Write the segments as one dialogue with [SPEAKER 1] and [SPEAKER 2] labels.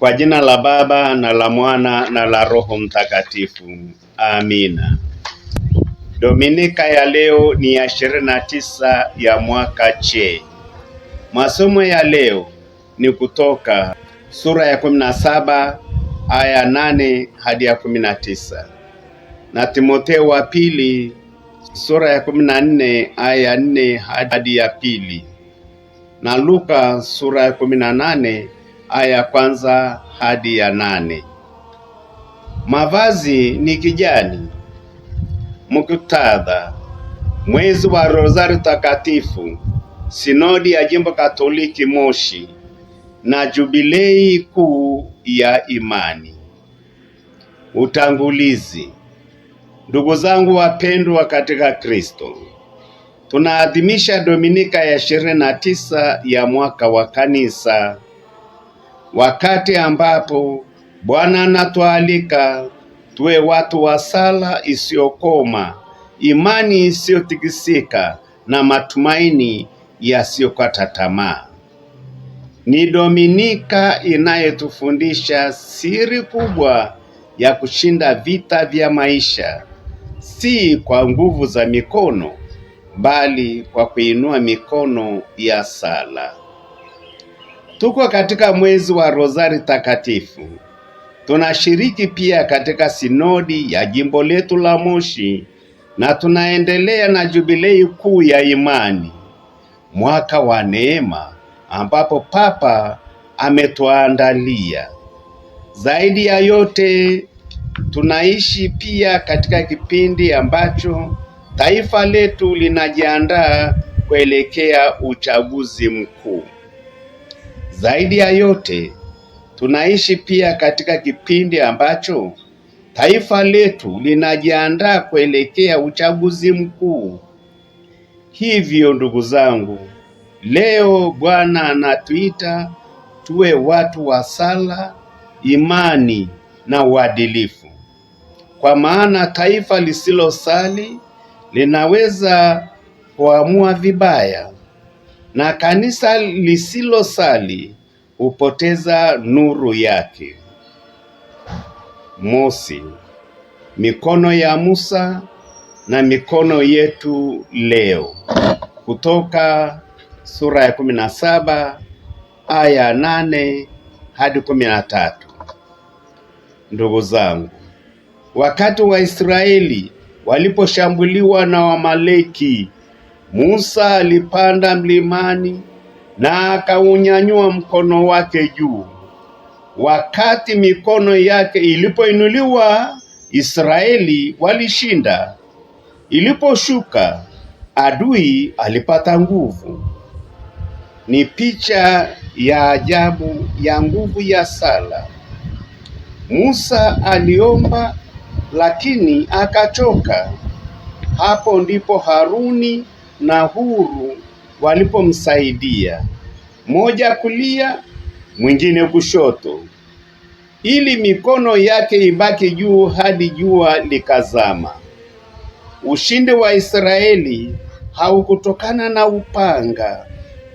[SPEAKER 1] Kwa jina la Baba na la Mwana na la Roho Mtakatifu, amina. Dominika ya leo ni ya ishirini na tisa ya mwaka che. Masomo ya leo ni kutoka sura ya kumi na saba aya nane hadi ya kumi na tisa na Timotheo wa pili sura ya kumi na nne aya ya nne hadi ya pili na Luka sura ya kumi na nane aya kwanza hadi ya nane. Mavazi ni kijani. Muktadha: mwezi wa Rozari Takatifu, sinodi ya jimbo Katoliki Moshi na jubilei kuu ya imani. Utangulizi. Ndugu zangu wapendwa katika Kristo, tunaadhimisha Dominika ya ishirini na tisa ya mwaka wa Kanisa wakati ambapo Bwana anatualika tuwe watu wa sala isiyokoma, imani isiyotikisika na matumaini yasiyokata tamaa. Ni Dominika inayetufundisha siri kubwa ya kushinda vita vya maisha, si kwa nguvu za mikono, bali kwa kuinua mikono ya sala. Tuko katika mwezi wa Rozari Takatifu. Tunashiriki pia katika sinodi ya jimbo letu la Moshi na tunaendelea na jubilei kuu ya imani, mwaka wa neema, ambapo Papa ametuandalia. Zaidi ya yote, tunaishi pia katika kipindi ambacho taifa letu linajiandaa kuelekea uchaguzi mkuu. Zaidi ya yote, tunaishi pia katika kipindi ambacho taifa letu linajiandaa kuelekea uchaguzi mkuu. Hivyo ndugu zangu, leo Bwana anatuita tuwe watu wa sala, imani na uadilifu, kwa maana taifa lisilosali linaweza kuamua vibaya na kanisa lisilosali hupoteza nuru yake. Mosi, mikono ya Musa na mikono yetu leo. Kutoka sura ya kumi na saba aya nane hadi kumi na tatu. Ndugu zangu, wakati Waisraeli waliposhambuliwa na Wamaleki Musa alipanda mlimani na akaunyanyua mkono wake juu. Wakati mikono yake ilipoinuliwa, Israeli walishinda. Iliposhuka, adui alipata nguvu. Ni picha ya ajabu ya nguvu ya sala. Musa aliomba lakini akachoka. Hapo ndipo Haruni na huru walipomsaidia, moja kulia, mwingine kushoto, ili mikono yake ibaki juu hadi jua likazama. Ushindi wa Israeli haukutokana na upanga,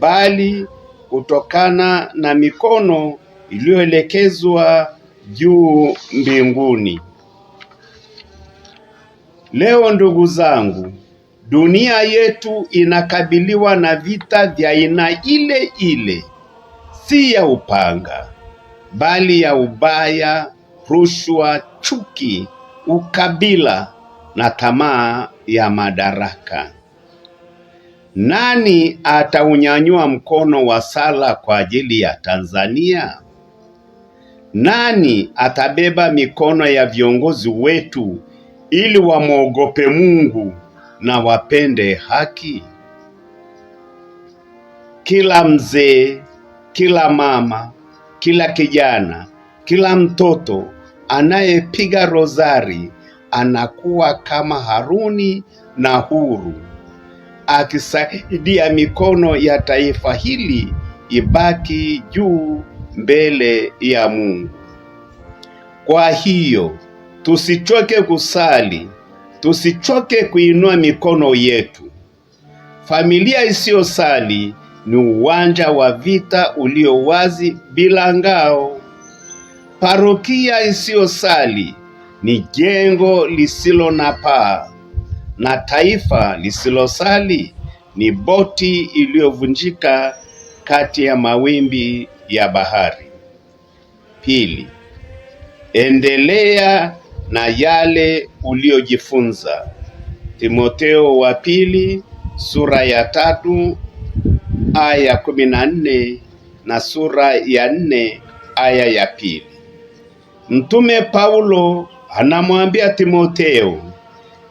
[SPEAKER 1] bali kutokana na mikono iliyoelekezwa juu mbinguni. Leo ndugu zangu, Dunia yetu inakabiliwa na vita vya aina ile ile, si ya upanga, bali ya ubaya, rushwa, chuki, ukabila na tamaa ya madaraka. Nani ataunyanyua mkono wa sala kwa ajili ya Tanzania? Nani atabeba mikono ya viongozi wetu ili wamwogope Mungu na wapende haki. Kila mzee, kila mama, kila kijana, kila mtoto anayepiga rozari anakuwa kama Haruni na Huru, akisaidia mikono ya taifa hili ibaki juu mbele ya Mungu. Kwa hiyo tusichoke kusali Tusichoke kuinua mikono yetu. Familia isiyosali ni uwanja wa vita ulio wazi bila ngao. Parokia isiyosali ni jengo lisilo na paa, na taifa lisilosali ni boti iliyovunjika kati ya mawimbi ya bahari. Pili, endelea na yale uliyojifunza. Timoteo wa pili sura ya tatu aya kumi na nne na sura ya nne aya ya pili. Mtume Paulo anamwambia Timoteo,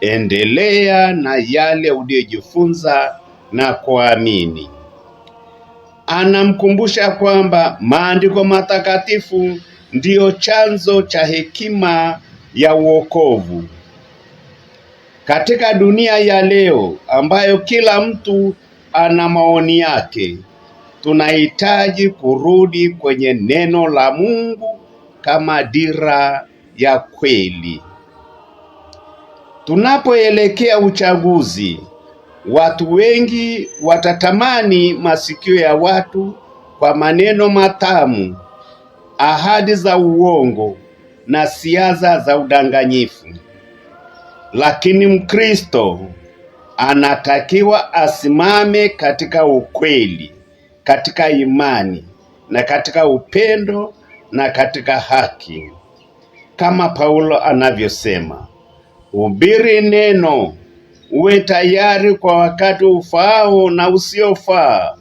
[SPEAKER 1] endelea na yale uliyojifunza na kuamini. Anamkumbusha kwamba maandiko matakatifu ndiyo chanzo cha hekima ya uokovu. Katika dunia ya leo ambayo kila mtu ana maoni yake, tunahitaji kurudi kwenye neno la Mungu kama dira ya kweli. Tunapoelekea uchaguzi, watu wengi watatamani masikio ya watu kwa maneno matamu, ahadi za uongo na siasa za udanganyifu. Lakini Mkristo anatakiwa asimame katika ukweli, katika imani na katika upendo na katika haki, kama Paulo anavyosema, ubiri neno, uwe tayari kwa wakati ufaao na usiofaa,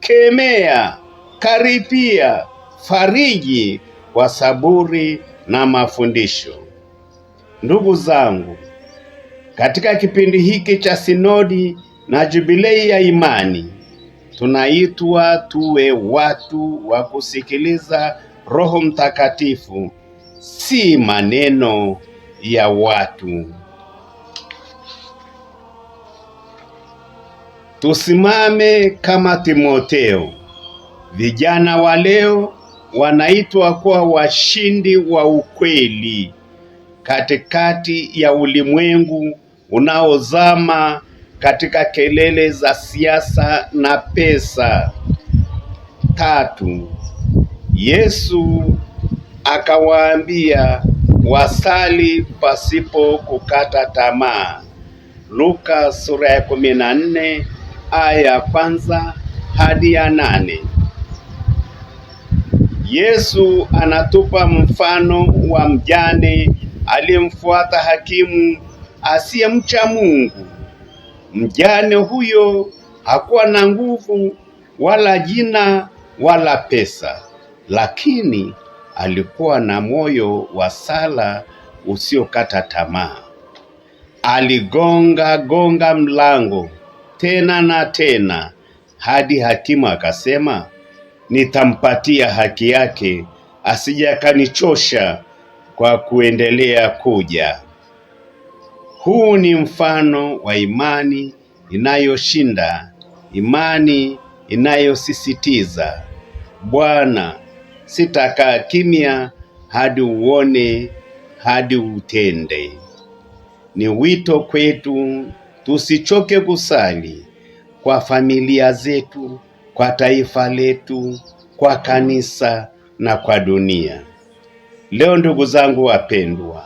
[SPEAKER 1] kemea, karipia, fariji kwa saburi na mafundisho. Ndugu zangu, katika kipindi hiki cha sinodi na jubilei ya imani tunaitwa tuwe watu wa kusikiliza Roho Mtakatifu, si maneno ya watu. Tusimame kama Timotheo. Vijana wa leo wanaitwa kuwa washindi wa ukweli katikati ya ulimwengu unaozama katika kelele za siasa na pesa. Tatu, Yesu akawaambia wasali pasipo kukata tamaa. Luka sura ya kumi na nne aya ya kwanza hadi ya nane. Yesu anatupa mfano wa mjane aliyemfuata hakimu asiyemcha Mungu. Mjane huyo hakuwa na nguvu wala jina wala pesa, lakini alikuwa na moyo wa sala usiokata tamaa. Aligonga gonga mlango tena na tena hadi hakimu akasema nitampatia haki yake, asije akanichosha kwa kuendelea kuja. Huu ni mfano wa imani inayoshinda, imani inayosisitiza, Bwana, sitakaa kimya hadi uone, hadi utende. Ni wito kwetu tusichoke kusali kwa familia zetu, kwa taifa letu, kwa kanisa na kwa dunia. Leo ndugu zangu wapendwa,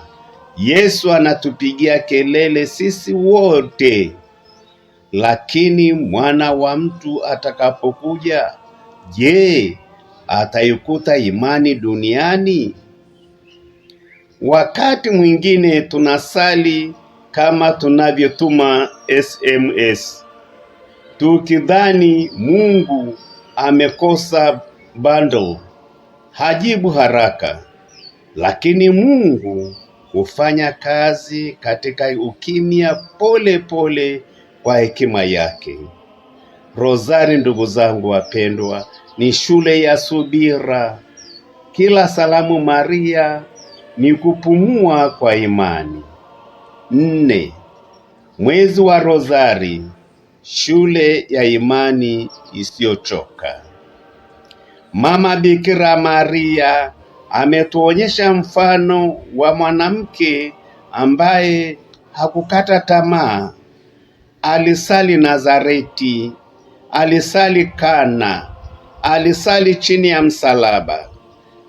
[SPEAKER 1] Yesu anatupigia kelele sisi wote, lakini mwana wa mtu atakapokuja, je, ataikuta imani duniani? Wakati mwingine tunasali kama tunavyotuma SMS tukidhani Mungu amekosa bundle, hajibu haraka, lakini Mungu hufanya kazi katika ukimya, pole pole, kwa hekima yake. Rozari, ndugu zangu wapendwa, ni shule ya subira. Kila salamu Maria ni kupumua kwa imani. Nne, mwezi wa Rozari Shule ya imani isiyochoka. Mama Bikira Maria ametuonyesha mfano wa mwanamke ambaye hakukata tamaa. Alisali Nazareti, alisali Kana, alisali chini ya msalaba,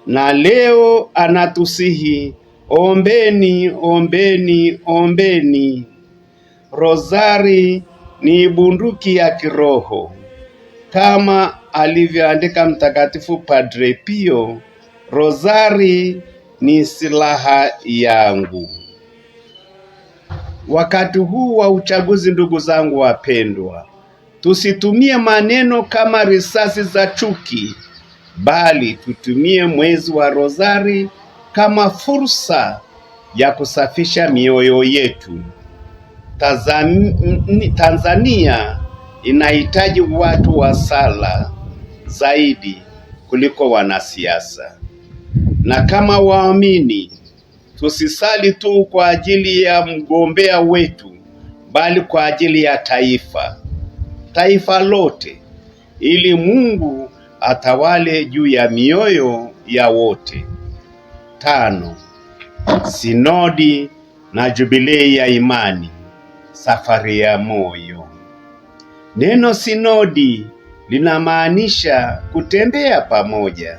[SPEAKER 1] na leo anatusihi ombeni, ombeni, ombeni. Rozari ni bunduki ya kiroho kama alivyoandika Mtakatifu Padre Pio, rosari ni silaha yangu. Wakati huu wa uchaguzi, ndugu zangu wapendwa, tusitumie maneno kama risasi za chuki, bali tutumie mwezi wa rosari kama fursa ya kusafisha mioyo yetu. Tanzania inahitaji watu wa sala zaidi kuliko wanasiasa, na kama waamini tusisali tu kwa ajili ya mgombea wetu, bali kwa ajili ya taifa, taifa lote, ili Mungu atawale juu ya mioyo ya wote. Tano, sinodi na jubilei ya imani safari ya moyo. Neno sinodi linamaanisha kutembea pamoja.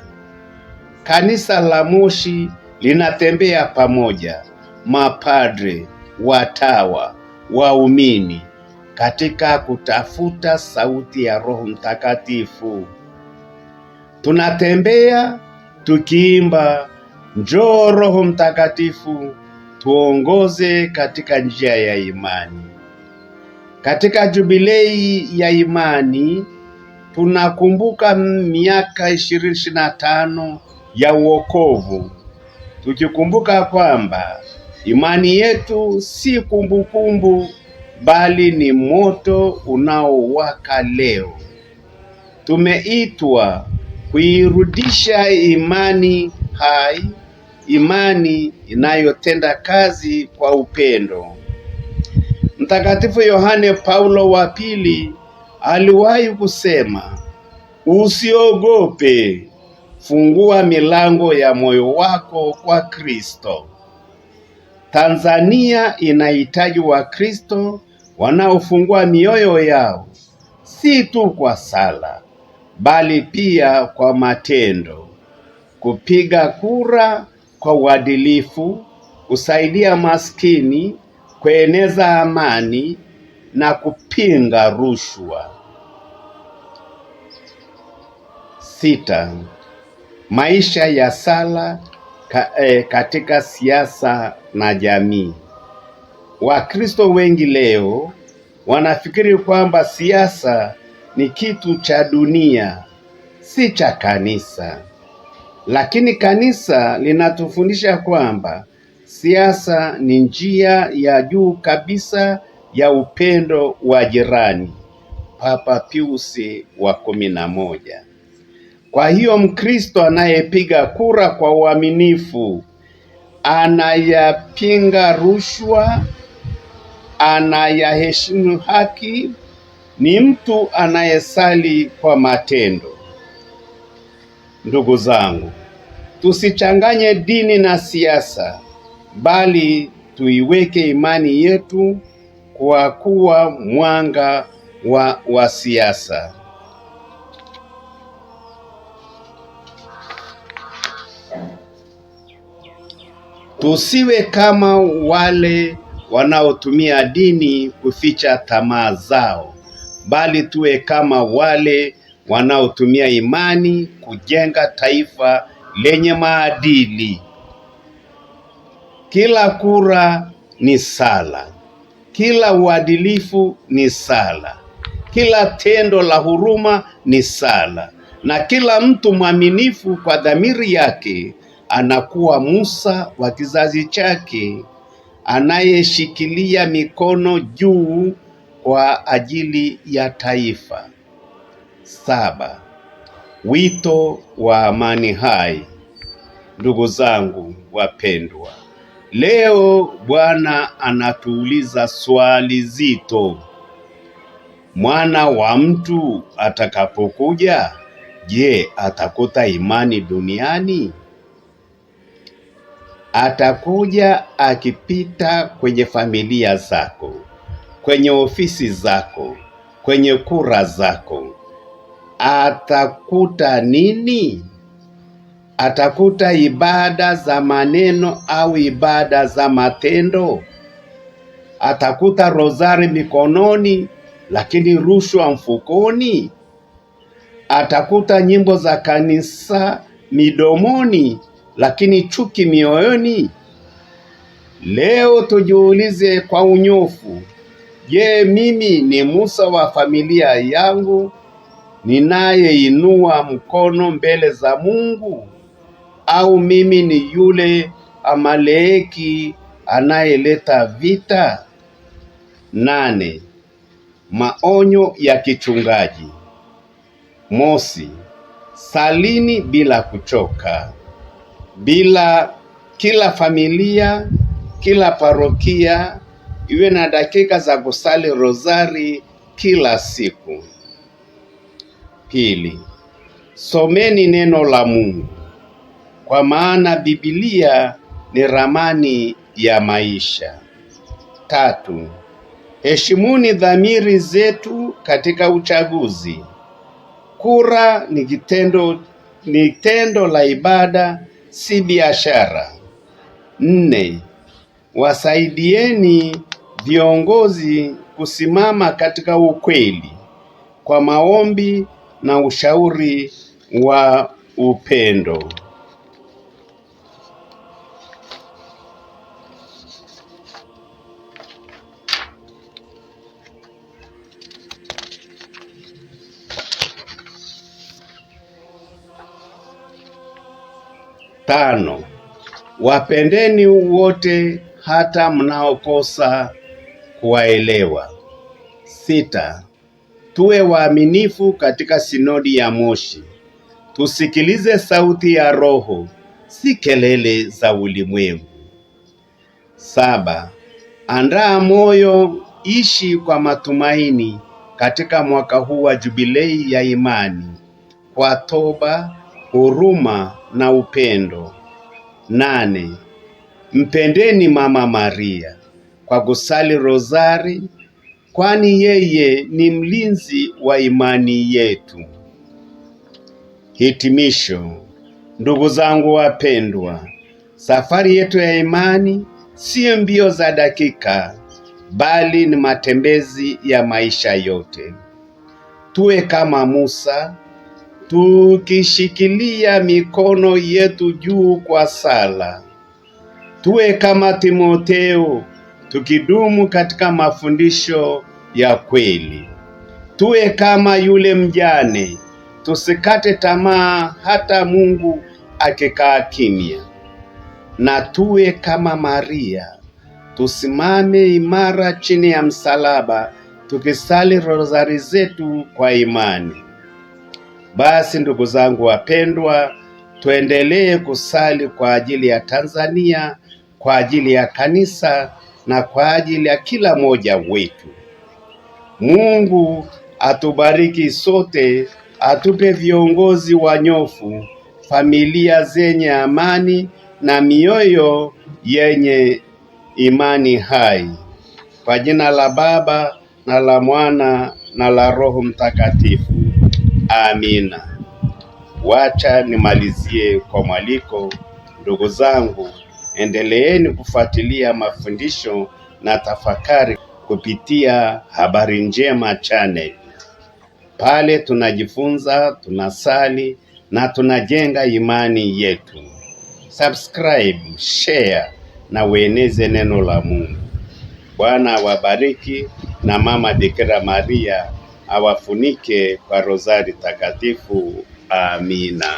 [SPEAKER 1] Kanisa la Moshi linatembea pamoja, mapadre, watawa, waumini katika kutafuta sauti ya Roho Mtakatifu. Tunatembea tukiimba, njoo Roho Mtakatifu, tuongoze katika njia ya imani. Katika jubilei ya imani tunakumbuka miaka ishirini na tano ya uokovu, tukikumbuka kwamba imani yetu si kumbukumbu kumbu, bali ni moto unaowaka leo. Tumeitwa kuirudisha imani hai imani inayotenda kazi kwa upendo. Mtakatifu Yohane Paulo wa pili aliwahi kusema, usiogope, fungua milango ya moyo wako kwa Kristo. Tanzania inahitaji Wakristo wanaofungua mioyo yao, si tu kwa sala bali pia kwa matendo. Kupiga kura kwa uadilifu, kusaidia maskini, kueneza amani na kupinga rushwa. Sita, maisha ya sala ka, eh, katika siasa na jamii. Wakristo wengi leo wanafikiri kwamba siasa ni kitu cha dunia, si cha kanisa. Lakini kanisa linatufundisha kwamba siasa ni njia ya juu kabisa ya upendo wa jirani. Papa Pius wa kumi na moja. Kwa hiyo Mkristo anayepiga kura kwa uaminifu anayapinga rushwa, anayaheshimu haki, ni mtu anayesali kwa matendo. Ndugu zangu, tusichanganye dini na siasa, bali tuiweke imani yetu kwa kuwa mwanga wa, wa siasa. Tusiwe kama wale wanaotumia dini kuficha tamaa zao, bali tuwe kama wale wanaotumia imani kujenga taifa lenye maadili. Kila kura ni sala, kila uadilifu ni sala, kila tendo la huruma ni sala, na kila mtu mwaminifu kwa dhamiri yake anakuwa Musa wa kizazi chake anayeshikilia mikono juu kwa ajili ya taifa saba. Wito wa amani hai. Ndugu zangu wapendwa, leo Bwana anatuuliza swali zito: mwana wa mtu atakapokuja, je, atakuta imani duniani? Atakuja akipita kwenye familia zako, kwenye ofisi zako, kwenye kura zako atakuta nini? Atakuta ibada za maneno au ibada za matendo? Atakuta rozari mikononi lakini rushwa mfukoni? Atakuta nyimbo za kanisa midomoni lakini chuki mioyoni? Leo tujiulize kwa unyofu, je, mimi ni Musa wa familia yangu ninayeinua mkono mbele za Mungu, au mimi ni yule Amaleki anayeleta vita? Nane. Maonyo ya kichungaji. Mosi, salini bila kuchoka. Bila kila familia, kila parokia iwe na dakika za kusali rozari kila siku. Pili, someni neno la Mungu kwa maana Biblia ni ramani ya maisha. Tatu, heshimuni dhamiri zetu katika uchaguzi. Kura ni kitendo ni tendo la ibada, si biashara. Nne, wasaidieni viongozi kusimama katika ukweli kwa maombi na ushauri wa upendo. Tano, wapendeni wote hata mnaokosa kuwaelewa. Sita, Tuwe waaminifu katika Sinodi ya Moshi. Tusikilize sauti ya Roho, si kelele za ulimwengu. Saba, andaa moyo, ishi kwa matumaini katika mwaka huu wa jubilei ya imani kwa toba, huruma na upendo. Nane, mpendeni Mama Maria kwa kusali rosari kwani yeye ni mlinzi wa imani yetu. Hitimisho. Ndugu zangu wapendwa, safari yetu ya imani siyo mbio za dakika, bali ni matembezi ya maisha yote. Tuwe kama Musa, tukishikilia mikono yetu juu kwa sala. Tuwe kama Timotheo tukidumu katika mafundisho ya kweli. Tuwe kama yule mjane, tusikate tamaa hata Mungu akikaa kimya, na tuwe kama Maria, tusimame imara chini ya msalaba, tukisali rozari zetu kwa imani. Basi ndugu zangu wapendwa, tuendelee kusali kwa ajili ya Tanzania, kwa ajili ya kanisa na kwa ajili ya kila mmoja wetu. Mungu atubariki sote, atupe viongozi wanyofu, familia zenye amani na mioyo yenye imani hai. Kwa jina la Baba na la Mwana na la Roho Mtakatifu. Amina. Wacha nimalizie kwa mwaliko, ndugu zangu. Endeleeni kufuatilia mafundisho na tafakari kupitia Habari Njema Channel. Pale tunajifunza, tunasali na tunajenga imani yetu. Subscribe, share na ueneze neno la Mungu. Bwana awabariki na Mama Bikira Maria awafunike kwa rozari takatifu. Amina.